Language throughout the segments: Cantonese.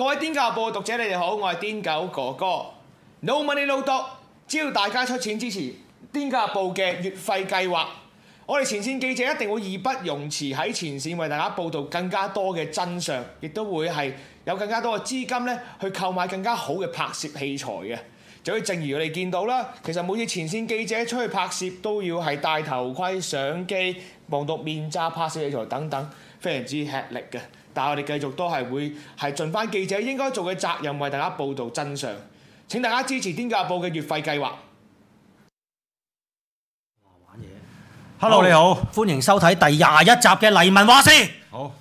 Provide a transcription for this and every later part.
各位《癲狗報》讀者，你哋好，我係癲狗哥哥。No money, no dog。只要大家出錢支持《癲狗報》嘅月費計劃，我哋前線記者一定會義不容辭喺前線為大家報道更加多嘅真相，亦都會係有更加多嘅資金咧去購買更加好嘅拍攝器材嘅。就好正如我哋見到啦，其實每次前線記者出去拍攝都要係戴頭盔、相機、望到面罩、拍攝器材等等，非常之吃力嘅。但係我哋繼續都係會係盡翻記者應該做嘅責任，為大家報導真相。請大家支持《天價報》嘅月費計劃。Hello，你好，歡迎收睇第廿一集嘅黎民話事。好，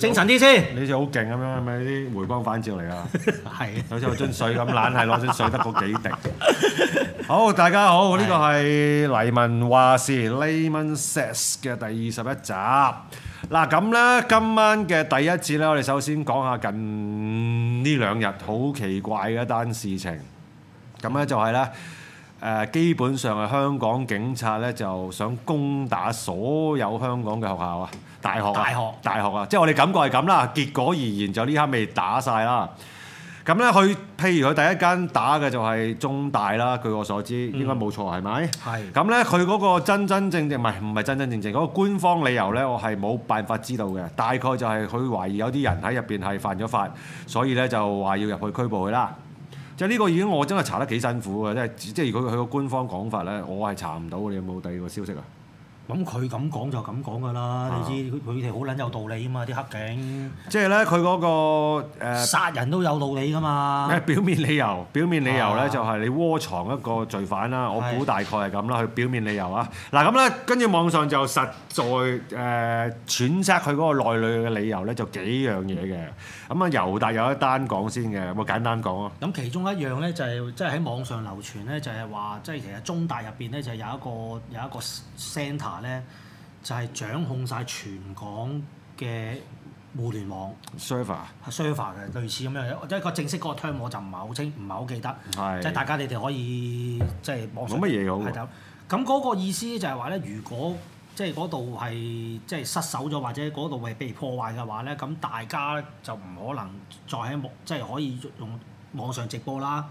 精神啲先。你就好勁咁樣，咪啲回光返照嚟啊！係 的，好似樽水咁懶，係攞樽水得嗰幾滴。好，大家好，呢個係黎民話事 （Layman Says） 嘅第二十一集。嗱咁咧，今晚嘅第一節咧，我哋首先講下近呢兩日好奇怪嘅一單事情。咁咧就係、是、咧，誒、呃、基本上係香港警察咧就想攻打所有香港嘅學校啊，大學啊，大學啊，即係、就是、我哋感覺係咁啦。結果而言就呢刻未打晒啦。咁咧，佢譬如佢第一間打嘅就係中大啦，據我所知應該冇錯，係咪？嗯。係。咁咧，佢嗰個真真正正唔係唔係真真正正嗰個官方理由咧，我係冇辦法知道嘅。大概就係佢懷疑有啲人喺入邊係犯咗法，所以咧就話要入去拘捕佢啦。即係呢個已經我真係查得幾辛苦嘅，即係即係如果佢個官方講法咧，我係查唔到嘅。你有冇第二個消息啊？咁佢咁講就咁講㗎啦，你知佢哋好撚有道理啊嘛，啲黑警。即係咧，佢嗰、嗰個誒、呃、殺人都有道理㗎嘛。表面理由，表面理由咧就係你窩藏一個罪犯啦。嗯、我估大概係咁啦，佢是表面理由啊。嗱咁咧，跟住網上就實在誒揣、呃、測佢嗰個內裡嘅理由咧，就幾樣嘢嘅。咁、嗯、啊，尤達有一單講先嘅，我簡單講啊。咁其中一樣咧就係即係喺網上流傳咧，就係話即係其實中大入邊咧就有一個有一個 centre 咧就係掌控晒全港嘅互聯網 server，server 嘅 Server 類似咁樣，或者一個正式嗰個 term 我就唔係好清，唔係好記得。即係係大家你哋可以即係、就係、網上冇乜嘢咁嗰個意思就係話咧，如果即係嗰度係即係失守咗，或者嗰度係被破壞嘅話咧，咁大家就唔可能再喺網，即、就、係、係、可以用網上直播啦。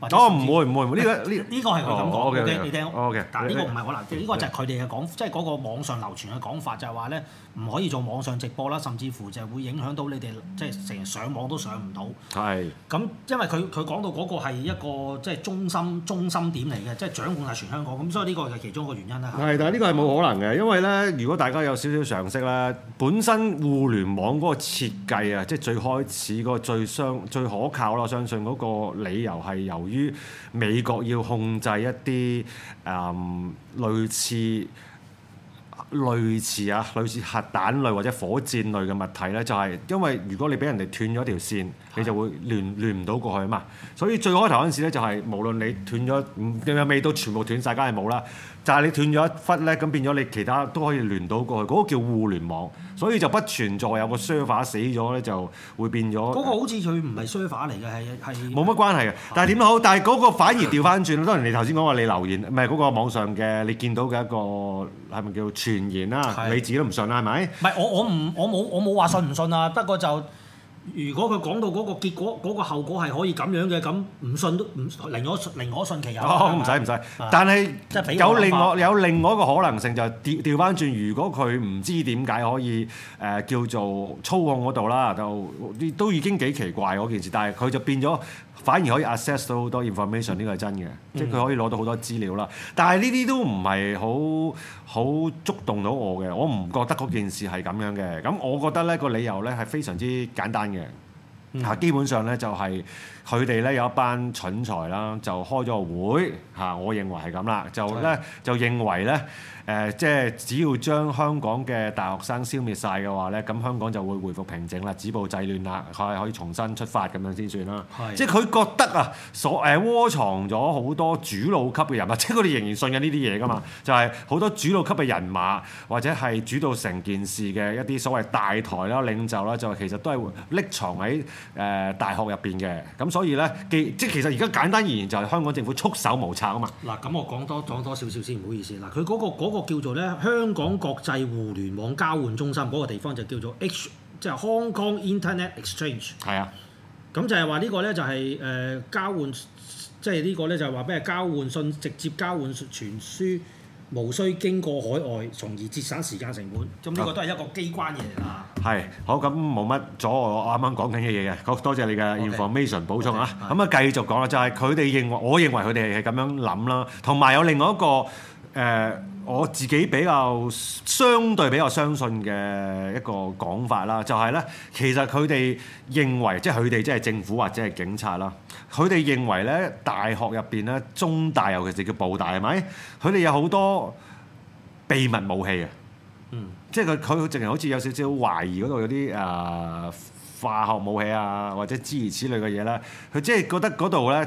哦，唔會唔會，呢個呢呢個係佢咁講嘅，你聽，O.K.，但係呢個唔係可能，呢個就係佢哋嘅講，即係嗰個網上流傳嘅講法就係話咧，唔可以做網上直播啦，甚至乎就係會影響到你哋，即係成日上網都上唔到。係。咁因為佢佢講到嗰個係一個即係中心中心點嚟嘅，即係掌管曬全香港，咁所以呢個就係其中一個原因啦。係，但係呢個係冇可能嘅，因為咧，如果大家有少少常識啦，本身互聯網嗰個設計啊，即係最開始嗰個最相最可靠咯，相信嗰個理由係由於美國要控制一啲誒，嗯，類似。類似啊，類似核彈類或者火箭類嘅物體咧，就係、是、因為如果你俾人哋斷咗條線，是的 你就會聯聯唔到過去啊嘛。所以最開頭嗰陣時咧、就是，就係無論你斷咗，仲有未到全部斷晒梗係冇啦。就係你斷咗一忽咧，咁變咗你其他都可以聯到過去。嗰、那個叫互聯網，所以就不存在有個 server 死咗咧，就會變咗。嗰個好似佢唔係 server 嚟嘅，係係冇乜關係嘅。啊、但係點都好，但係嗰個反而調翻轉。當然你頭先講話你留言，唔係嗰個網上嘅，你見到嘅一個係咪叫言啦，然是你自己都唔信啦，係咪？唔係我我唔我冇我冇話信唔信啊！不過就如果佢講到嗰個結果嗰、嗰個後果係可以咁樣嘅，咁唔信都唔寧可信寧可信其有。唔使唔使，哦、吧但係是即係有另外有另外一個可能性就調調返轉。如果佢唔知點解可以誒、呃、叫做操控嗰度啦，就都，都已經幾奇怪嗰件事。但係佢就變咗。反而可以 access 到好多 information，呢個係真嘅，即係佢可以攞到好多資料啦。但係呢啲都唔係好好觸動到我嘅，我唔覺得嗰件事係咁樣嘅。咁我覺得咧個理由咧係非常之簡單嘅，基本上咧就係佢哋咧有一班蠢材啦，就開咗個會吓，我認為係咁啦，就咧就認為咧。誒即係只要將香港嘅大學生消滅晒嘅話咧，咁香港就會回復平靜啦，止暴制亂啦，佢係可以重新出發咁樣先算啦。是的 即係佢覺得啊，所誒窩藏咗好多主腦級嘅人物，即係佢哋仍然信緊呢啲嘢噶嘛，就係、是、好多主腦級嘅人馬或者係主導成件事嘅一啲所謂大台啦、領袖啦，就其實都係匿藏喺誒大學入邊嘅。咁所以咧，即係其實而家簡單而言就係香港政府束手無策啊嘛。嗱，咁我講多講多少少先，唔好意思。嗱，佢嗰個嗰個。那個叫做咧香港國際互聯網交換中心嗰、那個地方就叫做 H，即係 Hong Kong Internet Exchange。係啊，咁就係話呢個咧就係、是、誒、呃、交換，即係呢個咧就係話俾人交換信，直接交換傳輸，無需經過海外，從而節省時間成本。咁呢個都係一個機關嘢嚟啦。係、啊，好，咁冇乜阻礙我啱啱講緊嘅嘢嘅。好多謝你嘅 information okay, 補充 okay, 啊。咁啊，繼續講啦，就係佢哋認為，我認為佢哋係咁樣諗啦，同埋有，有另外一個誒。呃我自己比較相對比較相信嘅一個講法啦，就係咧，其實佢哋認為，即係佢哋即係政府或者係警察啦，佢哋認為咧，大學入邊咧，中大尤其是叫暴大係咪？佢哋有好多秘密武器啊，嗯，即係佢佢直情好似有少少懷疑嗰度有啲誒、呃、化學武器啊，或者諸如此類嘅嘢啦，佢即係覺得嗰度咧。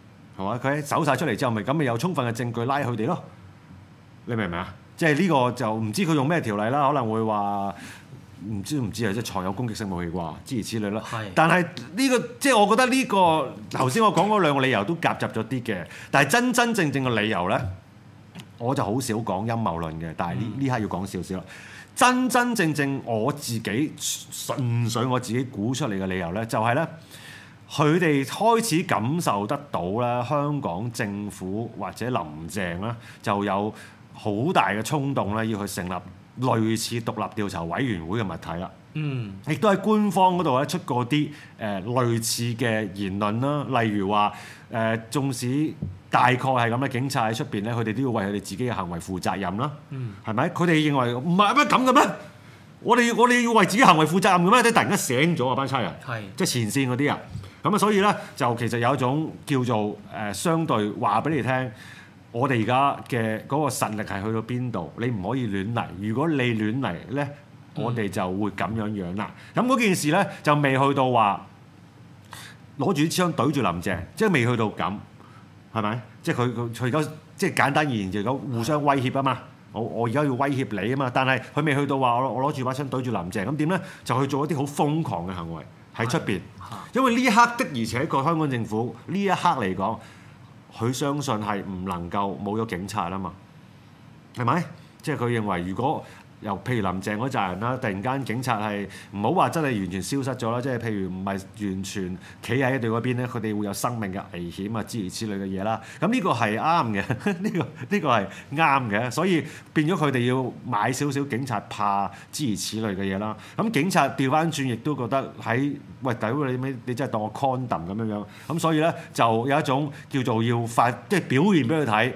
係嘛？佢走曬出嚟之後，咪咁咪有充分嘅證據拉佢哋咯？你明唔明啊？即係呢個就唔知佢用咩條例啦，可能會話唔知唔知啊！即係藏有攻擊性武器啩，諸如此類啦。但係呢個即係我覺得呢個頭先我講嗰兩個理由都夾雜咗啲嘅，但係真真正正嘅理由呢，我就好少講陰謀論嘅。但係呢呢刻要講少少啦。真真正正我自己純粹我自己估出嚟嘅理由呢，就係呢。佢哋開始感受得到咧，香港政府或者林鄭啦，就有好大嘅衝動咧，要去成立類似獨立調查委員會嘅物體啦。嗯，亦都喺官方嗰度咧出過啲誒類似嘅言論啦，例如話誒、呃，縱使大概係咁嘅警察喺出邊咧，佢哋都要為佢哋自己嘅行為負責任啦。嗯，係咪？佢哋認為唔係咩係咁嘅咩？我哋我哋要為自己行為負責任嘅咩？突然間醒咗啊，班差人係即係前線嗰啲人。咁所以咧就其實有一種叫做誒、呃、相對話俾你聽，我哋而家嘅嗰個實力係去到邊度？你唔可以亂嚟。如果你亂嚟咧，我哋就會咁樣樣啦。咁嗰、嗯、件事咧就未去到話攞住支槍對住林鄭，即係未去到咁，係咪？即係佢佢除咗即係簡單而言，就講互相威脅啊嘛。我我而家要威脅你啊嘛。但係佢未去到話我我攞住把槍對住林鄭，咁點咧就去做一啲好瘋狂嘅行為喺出邊。因為呢一刻的而且確，香港政府呢一刻嚟講，佢相信係唔能夠冇咗警察喇嘛，係咪？即係佢認為如果。又譬如林鄭嗰扎人啦，突然間警察係唔好話真係完全消失咗啦，即係譬如唔係完全企喺對嗰邊咧，佢哋會有生命嘅危險啊，諸如此類嘅嘢啦。咁呢個係啱嘅，呢、 呢個呢、呢個係啱嘅，所以變咗佢哋要買少少警察怕諸如此類嘅嘢啦。咁警察調翻轉亦都覺得喺喂，大佬你你真係當我 condom 咁樣樣。咁所以咧就有一種叫做要發，即係表現俾佢睇。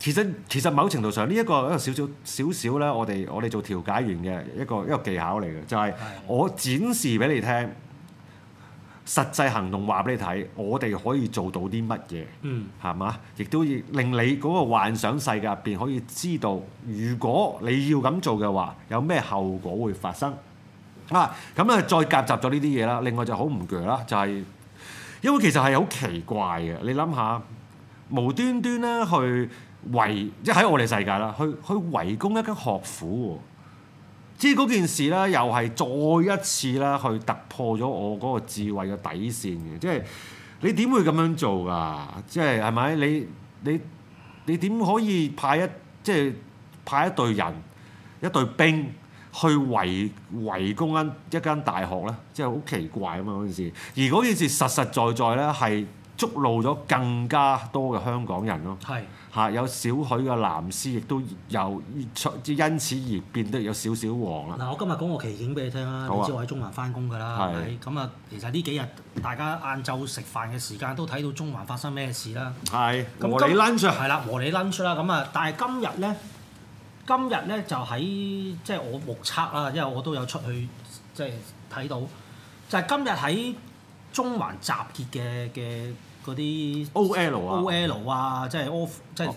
其實其實某程度上呢、這個、一個一個少少少少咧，我哋我哋做調解員嘅一個一個技巧嚟嘅，就係、是、我展示俾你聽，實際行動話俾你睇，我哋可以做到啲乜嘢，係嘛、嗯？亦都要令你嗰個幻想世界入邊可以知道，如果你要咁做嘅話，有咩後果會發生啊？咁啊，再夾雜咗呢啲嘢啦。另外就好唔鋸啦，就係、是、因為其實係好奇怪嘅。你諗下，無端端咧去。圍即喺我哋世界啦，去去圍攻一間學府喎，即係嗰件事咧又係再一次咧去突破咗我嗰個智慧嘅底線嘅，即係你點會咁樣做㗎？即係係咪？你你你點可以派一即係派一隊人一隊兵去圍圍攻一一間大學咧？即係好奇怪啊嘛嗰件事，而嗰件事實實在在咧係觸怒咗更加多嘅香港人咯。係。係有少許嘅藍絲亦都有出，即因此而變得有少少黃啦。嗱，我今日講個奇景俾你聽啦，啊、你知我喺中環翻工㗎啦，咁啊是，其實呢幾日大家晏晝食飯嘅時間都睇到中環發生咩事啦。係是。和你 lunch 係啦，和你 lunch 啦。咁啊，但係今日咧，今日咧就喺即係我目測啦，因為我都有出去即係睇到，就係、是、今日喺中環集結嘅嘅。嗰啲 OL 啊，OL 啊，即係是 off，即係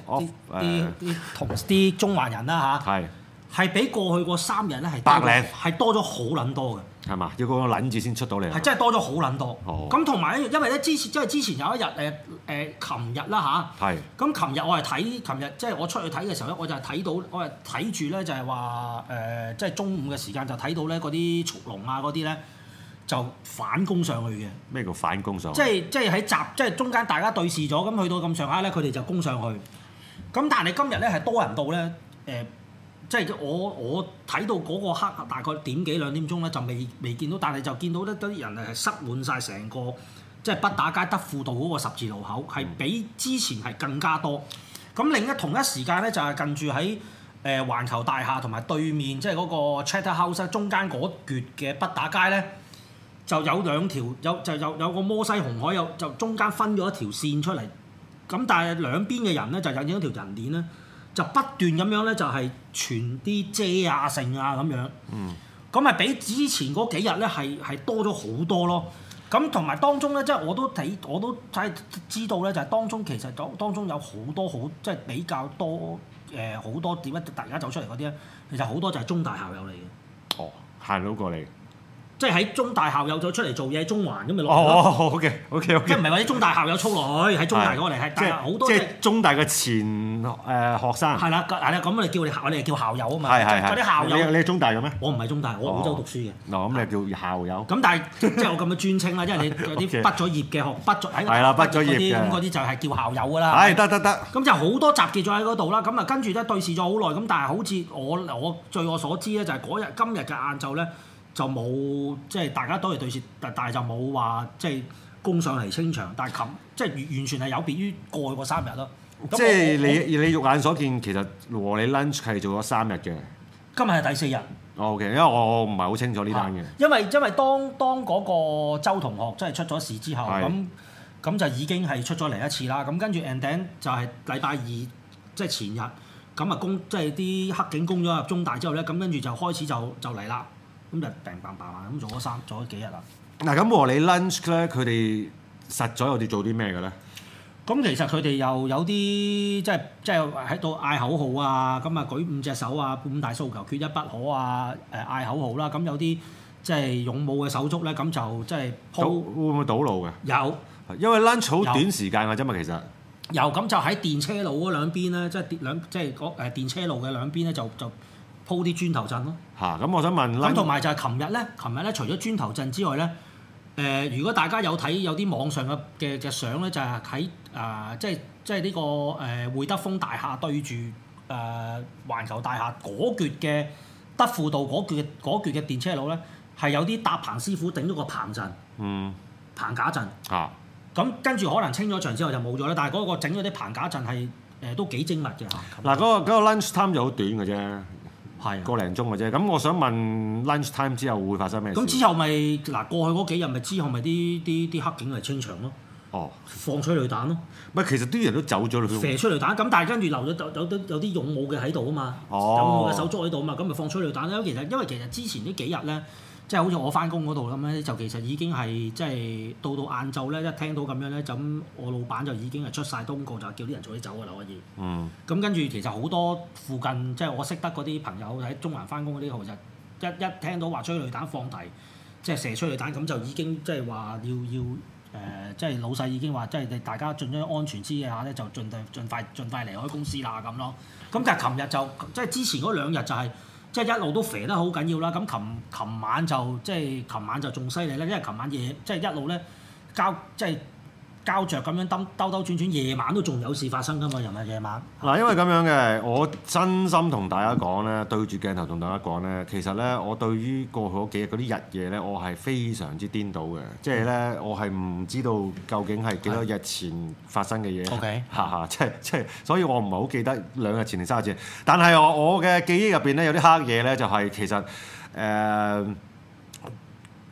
啲啲同啲中環人啦嚇，係係比過去個三日咧係白領，係多咗好撚多嘅，係嘛？要嗰個撚字先出到嚟，係真係多咗好撚多。咁同埋咧，因為咧，之前即係之前有一日誒誒，琴日啦吓，係咁琴日我係睇琴日，即係我出去睇嘅時候咧，我就係睇到我係睇住咧，就係話誒，即係中午嘅時間就睇到咧嗰啲速龍啊嗰啲咧。就反攻上去嘅，咩叫反攻上去？即係即係喺集即係中間大家對視咗咁，去到咁上下咧，佢哋就攻上去。咁但係你今日咧係多人到咧誒，即、呃、係、就是、我我睇到嗰個刻大概點幾兩點鐘咧，就未未見到，但係就見到咧得啲人係塞滿晒成個，即係畢打街德輔道嗰個十字路口，係、嗯、比之前係更加多。咁另一同一時間咧就係、是、近住喺誒、呃、環球大廈同埋對面，即係嗰個 Chater House 中間嗰橛嘅畢打街咧。就有兩條有就有有個摩西紅海，有就中間分咗一條線出嚟，咁但係兩邊嘅人咧就引咗條人鏈咧，就不斷咁樣咧就係、是、傳啲遮啊剩啊咁樣，咁咪、嗯、比之前嗰幾日咧係係多咗好多咯。咁同埋當中咧即係我都睇我都睇知道咧就係、是、當中其實當中有好多好即係、就是、比較多誒好、呃、多點突然間走出嚟嗰啲咧，其實好多就係中大校友嚟嘅，哦，行到過嚟。即係喺中大校友咗出嚟做嘢，中環咁咪攞落嚟。哦，好嘅，OK OK。即係唔係話啲中大校友操落喺中大過嚟，係即好多。即係中大嘅前誒學生。係啦，係啦，咁我哋叫我哋叫校友啊嘛。嗰啲校友。你你中大嘅咩？我唔係中大，我澳洲讀書嘅。嗱，咁你叫校友。咁但係即係我咁嘅尊稱啦，因為你有啲畢咗業嘅學，畢咗喺係啦，畢咗業啲咁嗰啲就係叫校友㗎啦。係得得得。咁就好多集結咗喺嗰度啦，咁啊跟住咧對視咗好耐，咁但係好似我我據我所知咧，就係嗰日今日嘅晏就冇即係大家都係對峙，但但係就冇話即係攻上嚟清場，但係冚即係完完全係有別於過去嗰三日咯。即係你我你肉眼所見，其實和你 lunch 係做咗三日嘅，今日係第四日。哦、okay，因為我我唔係好清楚呢單嘅。因為因為當當嗰個周同學真係出咗事之後，咁咁是就已經係出咗嚟一次啦。咁跟住 and then 就係禮拜二，即係前日，咁啊攻即係啲黑警攻咗入中大之後咧，咁跟住就開始就就嚟啦。咁就病崩崩啦！咁做咗三做咗幾日啦。嗱，咁和你 lunch 咧，佢哋實咗又要做啲咩嘅咧？咁其實佢哋又有啲即係即係喺度嗌口號啊！咁啊舉五隻手啊，五大訴求缺一不可啊！誒嗌口號啦，咁有啲即係勇武嘅手足咧，咁就即係鋪會唔會堵路嘅？有，因為 lunch 好短時間嘅啫嘛，其實有咁就喺電車路嗰兩邊咧，即係電兩即係嗰誒電車路嘅兩邊咧，就就。鋪啲磚頭陣咯嚇，咁，我想問啦，咁同埋就係琴日咧，琴日咧除咗磚頭陣之外咧，誒如果大家有睇有啲網上嘅嘅嘅相咧，就係喺誒即係即係呢個誒會德豐大廈對住誒環球大廈嗰段嘅德輔道嗰段嗰段嘅電車路咧，係有啲搭棚師傅頂咗個棚陣，嗯，棚架陣啊，咁跟住可能清咗場之後就冇咗啦。但係嗰個整咗啲棚架陣係誒都幾精密嘅。嗱嗰個 lunch time 又好短嘅啫。係是、啊、個零鐘嘅啫，咁我想問 lunch time 之後會發生咩事？咁之後咪、就、嗱、是、過去嗰幾日咪之後咪啲啲啲黑警嚟清場咯。哦，放催淚彈咯。唔係，其實啲人都走咗，射催淚彈咁，但係跟住留咗有啲勇武嘅喺度啊嘛。哦，勇武嘅手足喺度啊嘛，咁咪放催淚彈咧。其實因為其實之前幾呢幾日咧。即係好似我翻工嗰度咁咧，就其實已經係即係到到晏晝咧，一聽到咁樣咧，就咁我老闆就已經係出晒通告，就叫啲人早啲走嘅啦可以。嗯。咁跟住其實好多附近即係我識得嗰啲朋友喺中環翻工嗰啲號就一一聽到話催淚彈放題，即係射出淚彈咁就已經即係話要要誒，即係、呃、老細已經話即係大家盡咗安全之下咧，就盡量盡快盡快離開公司啦咁咯。咁但係琴日就即係之前嗰兩日就係、是。即係一路都肥得好緊要啦，咁琴琴晚就即係琴晚就仲犀利啦，因為琴晚嘢即係一路咧交即係。就是膠着咁樣兜兜轉轉，夜晚都仲有事發生㗎嘛？又咪夜晚？嗱，因為咁樣嘅，我真心同大家講咧，對住鏡頭同大家講咧，其實咧，我對於過去嗰幾日嗰啲日夜咧，我係非常之顛倒嘅，即係咧，我係唔知道究竟係幾多日前發生嘅嘢。OK，哈哈，即係即係，所以我唔係好記得兩日前定三日前。但係我我嘅記憶入邊咧，有啲黑夜咧，就係其實誒。呃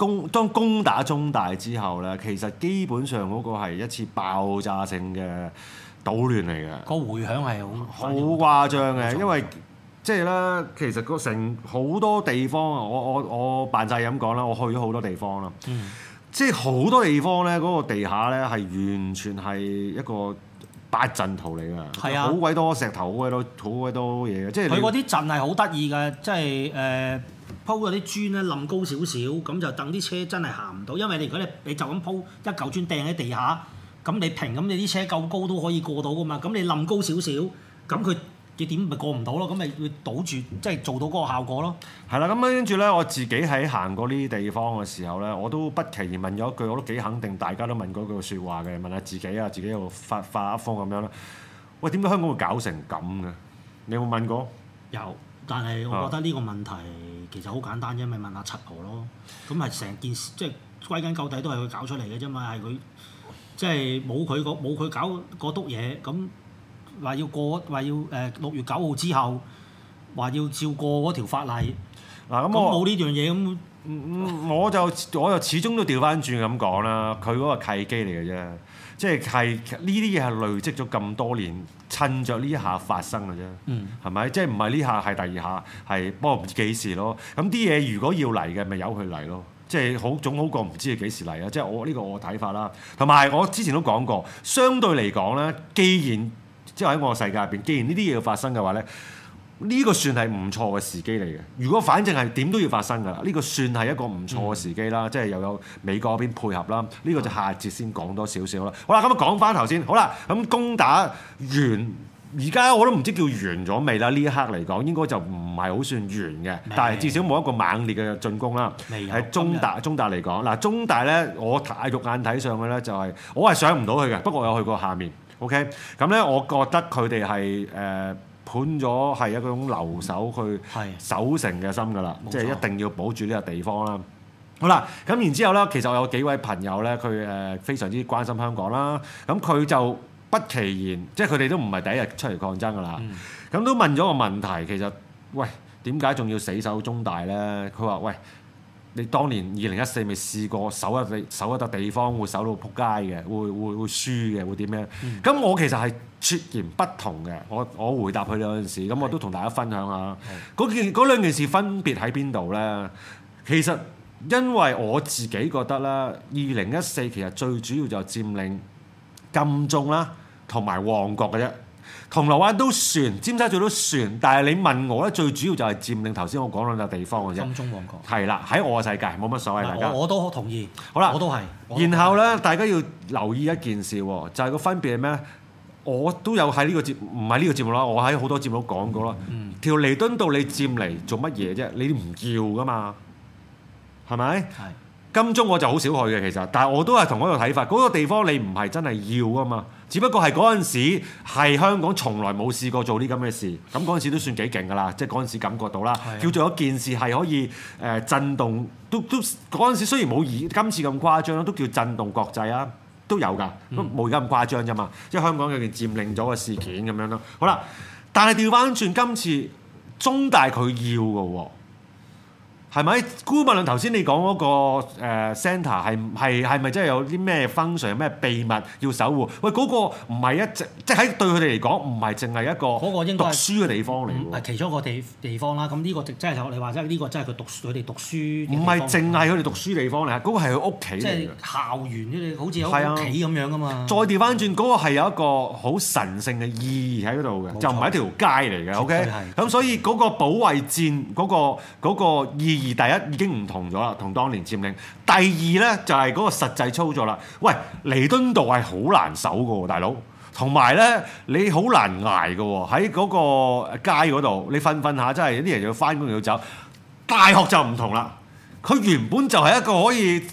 攻當攻打中大之後咧，其實基本上嗰個係一次爆炸性嘅搗亂嚟嘅。個迴響係好好誇張嘅，因為，重因為即係咧，其實個城好多地方，我我我扮曬咁講啦，我去咗好多地方啦。嗯、即係好多地方咧，嗰、那個地下咧係完全係一個八陣圖嚟㗎。係是啊。好鬼多石頭，好鬼多好鬼多嘢嘅。即係。佢嗰啲陣係好得意嘅，即係誒。呃鋪嗰啲磚咧，冧高少少咁就等啲車真係行唔到。因為你如果咧，你就咁鋪一嚿磚掟喺地下，咁你平咁，你啲車夠高都可以過到噶嘛。咁你冧高少少，咁佢嘅點咪過唔到咯？咁咪會堵住，即係做到嗰個效果咯。係啦，咁跟住咧，我自己喺行過呢啲地方嘅時候咧，我都不期而問咗一句，我都幾肯定大家都問嗰句説話嘅，問下自己啊，自己又發發一科咁樣啦。喂，點解香港會搞成咁嘅？你有冇問過？有，但係我覺得呢個問題。其實好簡單啫，咪問下七婆咯。咁係成件事，即係歸根究底都係佢搞出嚟嘅啫嘛，係佢即係冇佢冇佢搞個篤嘢。咁話要過話要誒六月九號之後，話要照過嗰條法例。嗱咁我冇呢樣嘢咁，我就我就始終都調翻轉咁講啦。佢嗰個契機嚟嘅啫，即係係呢啲嘢係累積咗咁多年，趁着呢一下發生嘅啫，係咪、嗯？即係唔係呢下係第二下係不過唔知幾時咯？咁啲嘢如果要嚟嘅，咪由佢嚟咯。即係好總好過唔知佢幾時嚟啦。即係我呢、呢個我嘅睇法啦。同埋我之前都講過，相對嚟講咧，既然即係喺我嘅世界入邊，既然呢啲嘢要發生嘅話咧。呢個算係唔錯嘅時機嚟嘅。如果反正係點都要發生㗎、這個、啦，呢個算係一個唔錯嘅時機啦。即係又有美國嗰邊配合啦，呢、嗯、個就下節先講多少少啦。好哇，咁講翻頭先，好啦，咁、嗯、攻打完而家我都唔知叫完咗未啦。呢一刻嚟講，應該就唔係好算完嘅，沒但係至少冇一個猛烈嘅進攻啦。未喺沒中大中大嚟講，嗱中大咧，我係肉眼睇上去咧、就是，就係我係上唔到去嘅。不過我有去過下面。OK，咁咧，我覺得佢哋係誒。呃判咗係一種留守去守城嘅心㗎啦，沒錯 即係一定要保住呢個地方啦。好啦，咁然之後咧，其實我有幾位朋友咧，佢誒、呃、非常之關心香港啦。咁佢就不其然，即係佢哋都唔係第一日出嚟抗爭㗎啦。咁、嗯、都問咗個問題，其實喂點解仲要死守中大咧？佢話喂。你當年二零一四未試過守一地守一笪地方會守到撲街嘅，會會會，會輸嘅，會點樣？咁、嗯、我其實係截然不同嘅。我我回答佢兩件事，咁是的 我都同大家分享下嗰是的 件嗰兩件事分別喺邊度咧？其實因為我自己覺得咧，二零一四其實最主要就佔領金鐘啦，同埋旺角嘅啫。銅鑼灣都算，尖沙咀都算，但係你問我咧，最主要就係佔領頭先我講兩笪地方嘅啫。金鐘旺角係啦，喺我嘅世界冇乜所謂。我大家，我，我都好同意。好啦，我都係。然後咧，大家要留意一件事喎，就係、是、個分別係咩？我都有喺呢個節，唔係呢個節目啦。我喺好多節目都講過啦、嗯。嗯。條彌敦道你佔嚟做乜嘢啫？你唔要噶嘛？係咪？係。金鐘我就好少去嘅其實，但係我都係同一個睇法，嗰個地方你唔係真係要啊嘛，只不過係嗰陣時係香港從來冇試過做啲咁嘅事，咁嗰陣時都算幾勁㗎啦，即係嗰陣時感覺到啦，叫做一件事係可以誒、呃、震動，都都嗰陣時雖然冇而今次咁誇張都叫震動國際啊，都有㗎，冇而家咁誇張咋嘛，即係香港有件佔領咗嘅事件咁樣咯。好啦，但係調翻轉今次中大佢要㗎喎、哦。係咪？姑勿論頭先你講嗰個誒 centre 係係係咪真係有啲咩 function 有咩秘密要守護？喂，嗰、那個唔係一直，即係喺對佢哋嚟講唔係淨係一個嗰個讀書嘅地方嚟係、嗯、其中一個地地方啦。咁呢個即係就是、你話即係呢個真係佢讀佢哋讀書。唔係淨係佢哋讀書地方嚟，嗰、那個係佢屋企。即係校園好似有屋企咁樣㗎嘛。再調翻轉嗰個係有一個好神聖嘅意義喺嗰度嘅，錯就唔係一條街嚟嘅。OK，咁所以嗰個保衛戰嗰、那個嗰、那個意。第二，而第一已經唔同咗啦，同當年佔領。第二呢，就係嗰個實際操作啦。喂，彌敦道係好難守嘅喎，大佬。同埋呢，你好難捱嘅喎，喺嗰個街嗰度，你瞓瞓下真係有啲人要翻工要走。大學就唔同啦，佢原本就係一個可以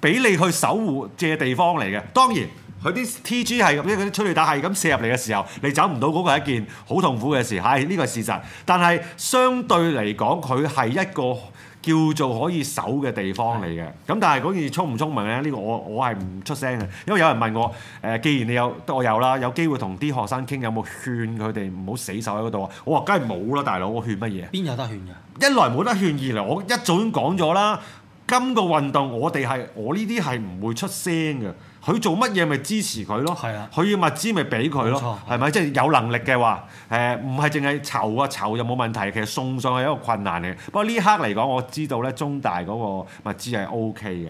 俾你去守護嘅地方嚟嘅，當然。佢啲 T.G 係，咁，即係嗰啲催淚彈係咁射入嚟嘅時候，你走唔到嗰個係一件好痛苦嘅事，係呢個係事實。但係相對嚟講，佢係一個叫做可以守嘅地方嚟嘅。咁是的 但係嗰件事聰唔聰明咧？呢個我我係唔出聲嘅，因為有人問我誒，既然你有，我有啦，有機會同啲學生傾，有冇勸佢哋唔好死守喺嗰度啊？我話梗係冇啦，大佬，我勸乜嘢？邊有得勸㗎？一來冇得勸，二來我一早已經講咗啦。今個運動我哋係我呢啲係唔會出聲嘅，佢做乜嘢咪支持佢咯？係啊，佢要物資咪俾佢咯，冇錯，係咪？是是即係有能力嘅話，誒唔係淨係籌啊，籌就冇問題。其實送上去係一個困難嚟，不過呢刻嚟講，我知道咧中大嗰個物資係 OK 嘅。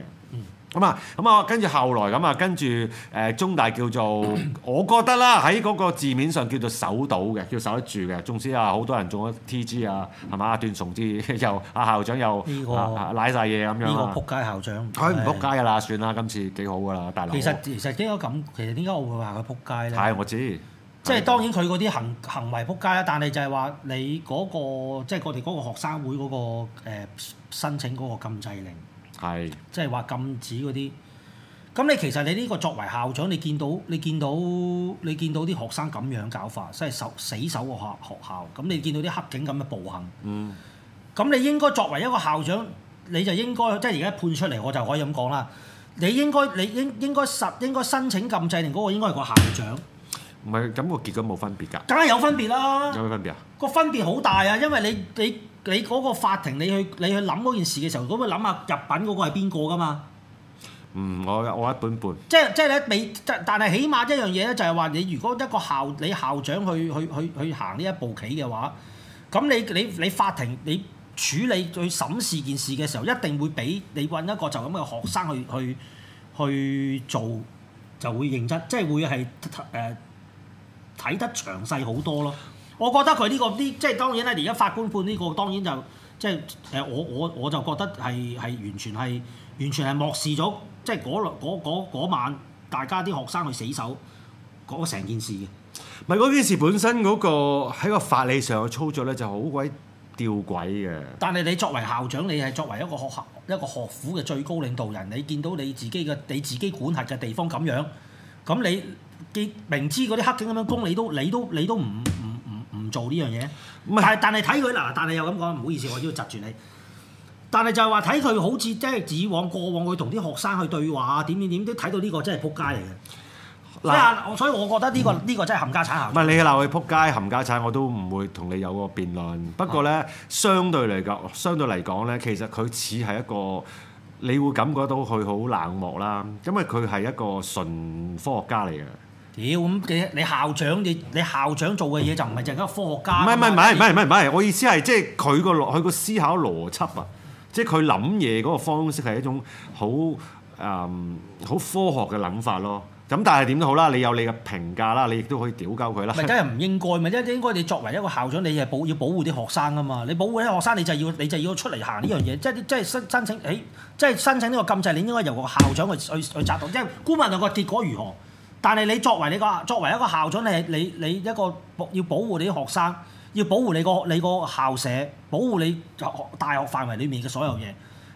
咁啊，咁啊、嗯，跟住後來咁啊，跟住誒、呃、中大叫做， 我覺得啦，喺嗰個字面上叫做守到嘅，叫守得住嘅。縱使啊，好多人中咗 TG 啊，係嘛？阿段崇智又阿校長又賴晒嘢咁樣，呢個撲街校長，佢唔撲街噶啦，算啦了，今次幾好噶啦，大佬，其實其實點解咁？其實點解我會話佢撲街咧？係我知，即係當然佢嗰啲行行為撲街啦，但係就係話你嗰、那個，即係我哋嗰個學生會嗰個誒申請嗰個禁制令。係，是即係話禁止嗰啲。咁你其實你呢個作為校長，你見到你見到你見到啲學生咁樣搞法，即係手死守個學校。咁你見到啲黑警咁嘅暴行，嗯，咁你應該作為一個校長，你就應該即係而家判出嚟，我就可以咁講啦。你應該你應應該實應該申請禁制令嗰個應該係個校長。唔係咁，個結果冇分別㗎。梗係有分別啦。有咩分別啊？個分別好大啊，因為你你。你嗰個法庭，你去你去諗嗰件事嘅時候，都會諗下入品嗰個係邊個噶嘛？嗯，我我一般般，即係即係咧，你但係起碼一樣嘢咧，就係話你如果一個校你校長去去去去行呢一步棋嘅話，咁你你你法庭你處理去審視件事嘅時候，一定會俾你揾一個就咁嘅學生去去去做，就會認真，即係會係誒睇得詳細好多咯。我覺得佢呢個啲即係當然咧。而家法官判呢個當然就即係誒，我我我就覺得係係完全係完全係漠視咗，即係嗰晚大家啲學生去死守嗰成件事嘅。唔係嗰件事本身嗰個喺個法理上嘅操作咧，就好鬼吊詭嘅。但係你作為校長，你係作為一個學校一個學府嘅最高領導人，你見到你自己嘅你自己管轄嘅地方咁樣，咁你既明知嗰啲黑警咁樣攻你都你都你都唔做呢樣嘢，唔係，但係睇佢嗱，但係又咁講，唔好意思，我都要窒住你。但係就係話睇佢好似即係以往過往，佢同啲學生去對話啊，點點點都睇到呢個真係撲街嚟嘅。嗱，所以我覺得呢、這個呢個呢、嗯、個真係冚家鏟行、嗯。唔係你鬧佢撲街、冚家鏟，我都唔會同你有個辯論。不過呢，相對嚟講，相對嚟講呢，其實佢似係一個你會感覺到佢好冷漠啦，因為佢係一個純科學家嚟嘅。妖咁、哎、你校長你你校長做嘅嘢就唔係淨係一個科學家。唔係唔係唔係唔係唔係，我意思係即係佢個佢個思考邏輯啊！即係佢諗嘢嗰個方式係一種好誒好科學嘅諗法咯。咁但係點都好啦，你有你嘅評價啦，你亦都可以屌鳩佢啦。咪梗係唔應該咪？即係應該你作為一個校長，你係保要保護啲學生啊嘛！你保護啲學生，你就要你就要出嚟行呢樣嘢。即係即係申申請即係、哎就是、申請呢個禁制你應該由個校長去去去執導，因、就、為、是、顧問個結果如何？但係你作為你個作為一個校長，你係你你一個要保護你啲學生，要保護你個你個校舍，保護你大學範圍裏面嘅所有嘢，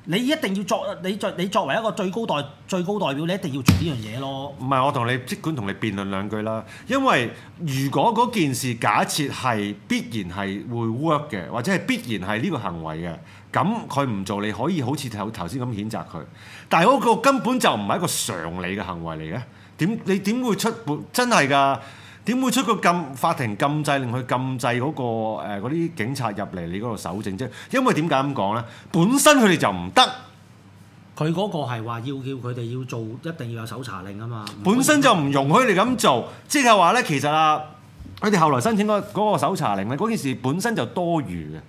你一定要作你作你作為一個最高代最高代表，你一定要做呢樣嘢咯。唔係我同你即管同你辯論兩句啦。因為如果嗰件事假設係必然係會 work 嘅，或者係必然係呢個行為嘅，咁佢唔做，你可以好似頭頭先咁譴責佢。但係嗰個根本就唔係一個常理嘅行為嚟嘅。點你點會出撥真係㗎？點會出個禁法庭禁制令去禁制嗰、嗰個啲、呃、警察入嚟你嗰度搜證啫？因為點解咁講咧？本身佢哋就唔得，佢嗰個係話要叫佢哋要做，一定要有搜查令啊嘛。本身就唔容許你咁做，即係話咧，其實啊，佢哋後來申請嗰個搜查令咧，嗰件事本身就多餘嘅。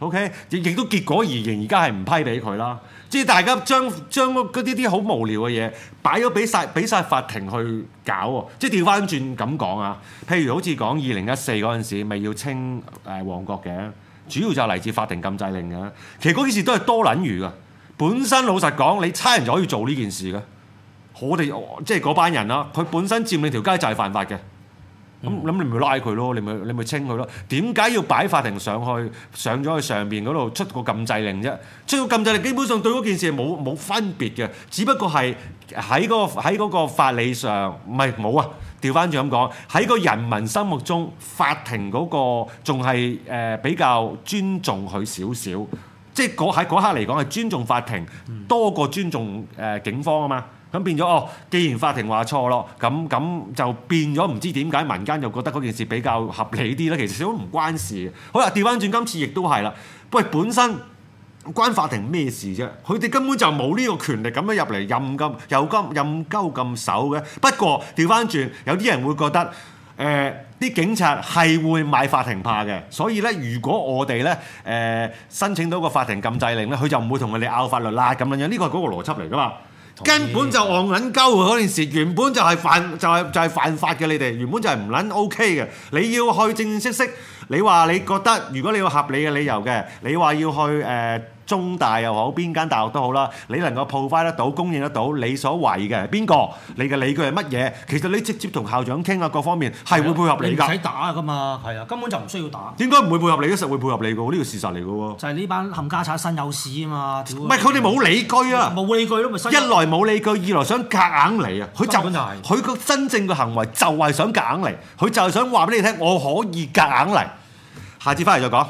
OK，亦亦都結果而型，而家係唔批俾佢啦。即係大家將將嗰啲啲好無聊嘅嘢擺咗俾晒俾晒法庭去搞喎。即係調翻轉咁講啊，譬如好似講二零一四嗰陣時，咪要清誒旺角嘅，呃、主要就嚟自法庭禁制令嘅。其實嗰件事都係多撚餘噶。本身老實講，你差人就可以做呢件事嘅。我哋即係嗰班人啦、啊，佢本身佔你條街就係犯法嘅。咁諗、嗯、你咪拉佢咯，你咪你咪清佢咯。點解要擺法庭上去上咗去上面嗰度出個禁制令啫？出個禁制令基本上對嗰件事冇冇分別嘅，只不過係喺嗰個喺嗰個法理上唔係冇啊。掉返轉咁講，喺個人民心目中，法庭嗰個仲係誒比較尊重佢少少，即係喺嗰刻嚟講係尊重法庭多過尊重誒警方啊嘛。咁變咗哦，既然法庭話錯咯，咁咁就變咗唔知點解民間又覺得嗰件事比較合理啲咧？其實都唔關事。好啦，調翻轉今次亦都係啦。喂，本身關法庭咩事啫？佢哋根本就冇呢個權力咁樣入嚟任禁、又禁、任鳩咁守嘅。不過調翻轉，有啲人會覺得誒啲、呃、警察係會買法庭怕嘅，所以咧，如果我哋咧誒申請到個法庭禁制令咧，佢就唔會同佢哋拗法律啦咁樣樣。呢個係嗰個邏輯嚟噶嘛？根本就戇撚鳩，嗰件事原本就係犯，就係就係犯法嘅，你哋，原本就係唔撚 OK 嘅。你要去正正式式，你話你覺得如果你有合理嘅理由嘅，你話要去誒。呃中大又好，邊間大學都好啦，你能夠 provide 得到、供應得到，你所謂嘅邊個？你嘅理據係乜嘢？其實你直接同校長傾啊，各方面係會配合你噶。你唔使打啊嘛，係啊，根本就唔需要打。點解唔會配合你？一實會配合你噶，呢個事實嚟噶。就係呢班冚家產新有事啊嘛。唔係佢哋冇理據啊，冇理據咯，咪新一來冇理據，二來想夾硬嚟啊。佢就係佢個真正嘅行為就係想夾硬嚟，佢就係想話俾你聽，我可以夾硬嚟。下次翻嚟再講。